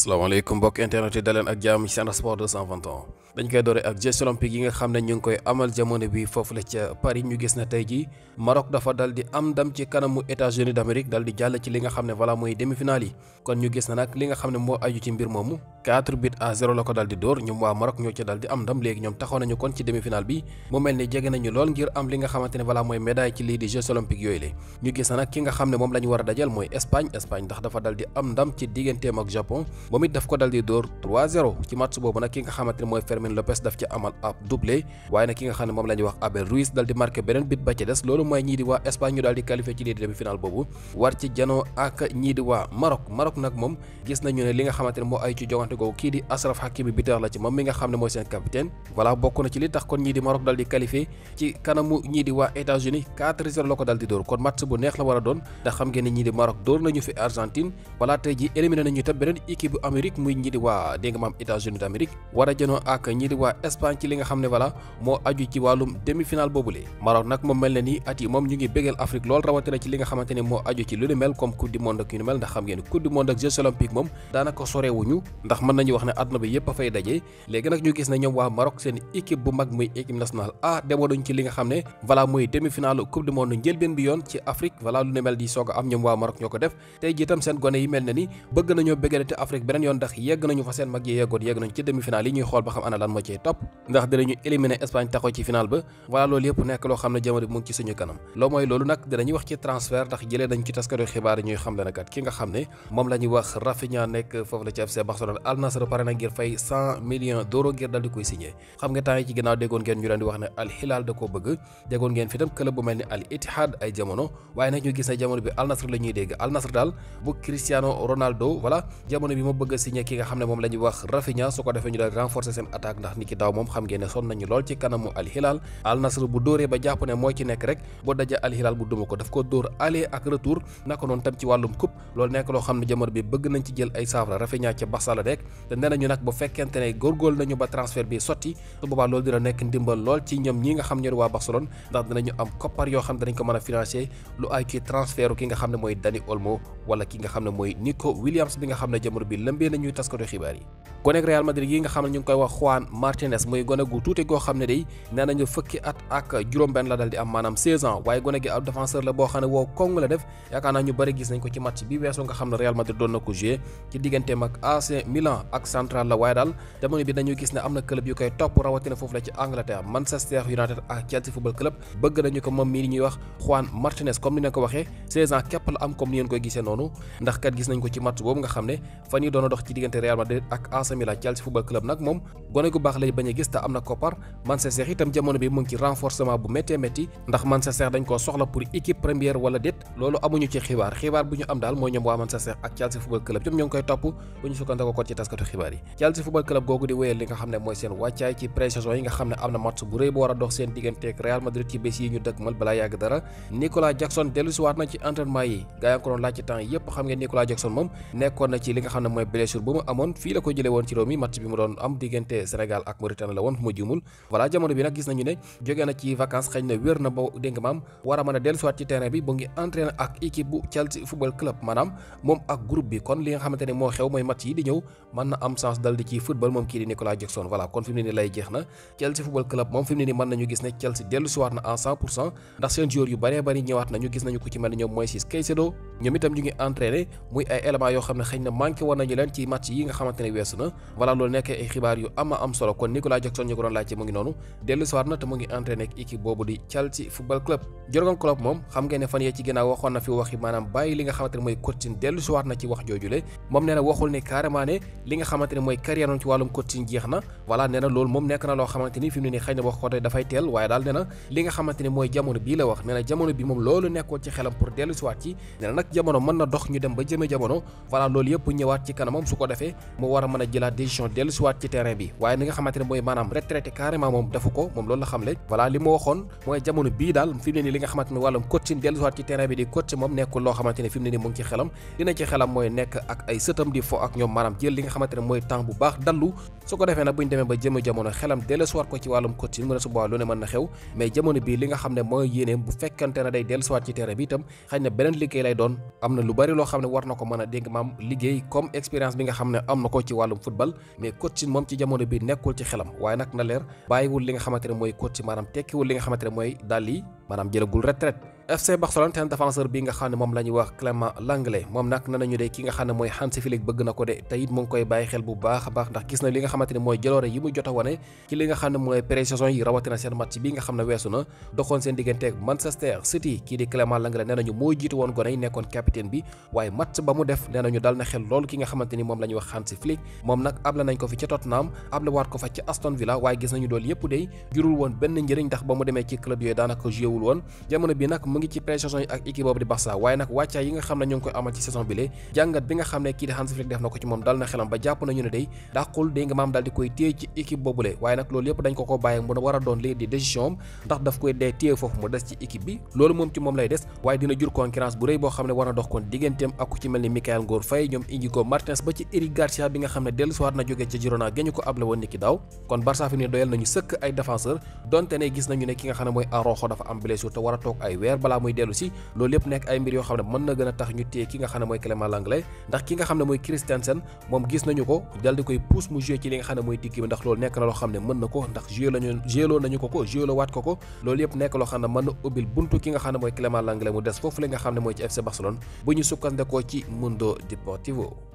salaamaaleykum mbokk internet yi daleen ak jàmm ci Sen Sport 221 dañ koy doore ak Jeux olympiques yi nga xam ne ñu ngi koy amal jamono bi foofu la ca Paris ñu gis na tey jii Maroc dafa dal am ndam ci kanamu États-Unis d'Amérique dal jàll ci li nga xam ne voilà mooy demi-finale yi kon ñu gis na nag li nga xam ne moo aju ci mbir moomu 4 buts à 0 la ko dal di ñoom waa Maroc ñoo ci dal am ndam léegi ñoom taxaw nañu kon ci demi-finale bi mu mel ni jege nañu lool ngir am li nga xamante ne voilà mooy médaille ci lii Fermin Lopez daf ci amal ab doublé waaye nak ki nga xamné mom moom wax Abel Ruiz dal di marquer benen but ba ci dess lolu moy ñi di wa Espagne dal di qualifier ci lii demi final bobu war ci Jano ak ñi di wa Maroc Maroc nak mom gis nañu né li nga xamanté mo ay ci jogante go ki di Asraf Hakimi buteur la ci mom mi nga xamné moy sen capitaine voilà bokku na ci li tax kon ñi di Maroc dal di qualifier ci kanamu ñi di wa États-Unis 4-0 la dal di door kon match bu neex la wara doon da xam ngeen ñi di Maroc door nañu fi Argentine voilà tay ji éliminé nañu tam benen équipe bu Amérique muy ñi di wa dénga mam États-Unis d'Amérique wara jëno ak ñii di waa Espagne ci li nga xam ne voilà moo aju ci wàllum demi-finale boobule Maroc nag moom mel na ni at yi moom ñu ngi bégal Afrique lool rawatina ci li nga xamante ne moo aju ci lu ni mel comme coupe du monde ak yu mel ndax xam ngeen ndax mën nañu wax ne àdduna bi yëpp a fay daje léegi nag ñu gis ne ñoom waa Maroc seen équipe bu mag muy équipe nationale A demoo ci li nga xam ne voilà muy demi-finale coupe du monde njëlbeen bi yoon ci Afrique lan mo cay top ndax dinañu éliminer Espagne taxo ci final ba wala lool yépp nek lo xam ne mu ngi ci suñu kanam lo moy loolu nag dinañu wax ci transfert ndax jëlé dañ ci taskaru xibaar ñuy xam la nakat ki nga xam mom lañu wax Rafinha nek fofu la ci FC Barcelona Al Nassr paré na ngir fay 100 millions d'euros ngir dal di koy signé xam nga temps ci ginnaaw déggoon ngeen ñu daan di wax ne Al Hilal da ko bëgg déggoon ngeen fi tam club bu melni Al Ittihad ay jamono waaye nak ñu gis na jamono bi Al Nassr la ñuy dégg Al Nassr dal bu Cristiano Ronaldo wala jamono bi mo bëgg signé ki nga xam mom lañu wax Rafinha su ko ñu dal renforcer sen attaque ak ndax niki daaw moom xam ngeen ne son nañu lool ci kanamu Al Hilal Al Nasr bu dóoree ba jàpp ne mooy ci nekk rek boo daja Al bu duma ko daf ko dóor aller ak retour naka noonu tam ci wàllum coupe loolu nekk loo xam ne jamono bi bëgg nañ ci jël ay saafara rafeñaa ca basala rek te nee nañu nag bu fekkente ba transfert bi sotti su boobaa loolu dina nekk ndimbal lool ci ñoom ñi nga xam ñoo waa Barcelone ndax dinañu am koppar yoo xam ne danañ ko mën a lu ay ci transfert ki nga xam ne mooy Dani Olmo wala ki nga xam ne mooy Nico Williams bi nga xam ne jamono bi lëmbee nañuy taskatu yi gone ak Real Madrid yi nga xam ne ñu ngi koy wax Juan Martinez muy gone gu tuuti goo xam ne day nee nañu fukki at ak juróom-benn la dal di am maanaam 16 ans waaye gone gi ab défenseur la boo xam ne ko ci match bi weesu nga xam ne Real Madrid daal jamono bi dañu gis ne am na club yu koy topp rawatina foofu la ci Angleterre Manchester United ak Chelsea Football Club bëgg nañu ko moom mii ñuy wax Juan Martinez comme ni ñu ko waxee 16 ans képp la am comme ni ngeen koy gisee noonu ndax kat gis ne fan yi doon Sami Lacal ci football club moom gone gu baax lay bañ a gis te am na koppar Manchester itam jamono bi mu ngi ci renforcement bu méttee métti ndax Manchester dañ koo soxla pour équipe première wala déet loolu amuñu ci xibaar xibaar bu ñu am daal mooy ñoom waa Manchester ak Chelsea football club ñoom ñoo koy topp bu ñu sukkandikoo kon ci taskatu xibaar yi Chelsea football nga xam ne mooy seen wàccaay ci pré yi nga xam ne am na match bu rëy bu war a dox seen diggante ci réew mi match bi mu doon am diggante Sénégal ak Mauritanie la woon bu ma juumul voilà jamono bi nag gis nañu ne jóge na ci vacances xëy na wér na ba dégg maam war a mën a dellusiwaat ci terrain bi ba ngi entraîné ak équipe bu Chelsea football club maanaam moom ak groupe bi kon li xamante ne moo xew mooy match yi di ñëw mën na am chance dal di ci football moom kii di Nicolas Jackson voilà kon fi ne nii lay jeex na Chelsea football club moom fi ne nii mën ñoom itam ñu ngi entraîné muy ay éléments yoo xam ne xëy na manqué woon nañu leen ci match yi nga xamante ne na voilà loolu nekk ay xibaar yu ama am solo kon Nicolas Jackson ñu ko doon laajte mu ngi noonu dellu siwaat na te mu ngi entraîné ak équipe boobu di Chelsea Football Club Jurgen Klopp moom xam ngeen ne fan yee ci ginnaaw waxoon na fi waxi maanaam bàyyi li nga xamante ne mooy coaching dellu siwaat na ci wax joojule moom nee na nga xamante ne mooy carrière ci wàllum coaching jeex na voilà nee na loolu moom nekk na loo xamante ni fi mu ne nii xëy na wax na li nga xamante ne mooy jamono bii la wax nee na jamono bi moom loolu nekkoon ci jamono mën na dox ñu dem ba jëme jamono yëpp ñëwaat ci kanamam su ko defee mu war a mën a jëlaat décision dellusiwaat ci bi waaye li nga xamante ne mooy maanaam retraité carrément moom defu ko moom loolu la xam le bi di coach moom nekkul loo xamante ne fi mu ne nii mu ngi ci xelam dina ci xelam mooy nekk ak ay sëtam di fo ak ñoom maanaam xamante ne mooy temps bu baax dallu su ko defee nag bu ñu demee ba jëme jamono xelam dellusiwaat ko ci wàllum coaching mën a su bii li nga ne mooy yéeneem bu fekkante ne day dellusiwaat ci terrain bi itam xëy na beneen liggéey lay doon am na lu bari loo xam ne war na ko mën a dégg maam liggéey comme expérience bi nga xam ne am na ko ci wàllum football mais coaching moom ci jamono bi nekkul ci xelam waaye nag na leer bàyyiwul li nga xamante ne mooy coaching maanaam tekkiwul li nga xamante ne mooy dal yi maanaam jëlagul retraite FC Barcelone seen défenseur bi nga xam ne moom la wax Clément Lenglet moom nag nee nañu de ki nga xam ne mooy Hansi Flick bëgg na ko de te mu ngi koy bàyyi xel bu baax a baax ndax gis na li nga xamante ne mooy jaloore yi mu jot a ci li nga xam ne mooy pré yi rawatina seen match bi nga xam ne weesu na doxoon seen diggante ak Manchester City kii di Clément Lenglet nee nañu moo jiitu woon gone yi nekkoon capitaine bi waaye match ba mu def ngi ci ndax daf koy dee téye foofu mu des ci équipe bi loolu moom ci moom lay des waaye dina jur concurrence bu rëy boo xam ne war dox kon digganteem ak ci mel ni Michael Ngor Faye ñoom Íñigo Martínez ba ci Eric Garcia bi nga xam ne dellusiwaat na jógee ca Girona gëñu ko able woon ni ki daaw kon Barça fi ne doyal nañu sëkk ay défenseur donte ne gis nañu ne ki nga xam ne mooy Araujo dafa am blessure te war toog ay weer bala muy dellu si loolu yépp nekk ay mbir yoo xam ne mën na gën a tax ñu téye ki nga xam ne mooy Clément Lenglet ndax ki nga xam ne mooy Christensen moom gis nañu ko dal di koy pousse mu joué ci li nga xam ne mooy digg ndax loolu nekk na loo xam ne mën na ko ndax joué lañu joué loo nañu ko ko joué loo waat ko ko loolu yépp nekk loo xam ne mën na ubbil buntu ki nga xam ne mooy Clément Lenglet mu des foofu li nga xam ne mooy ci FC Barcelone bu ñu sukkandekoo ci Mundo Deportivo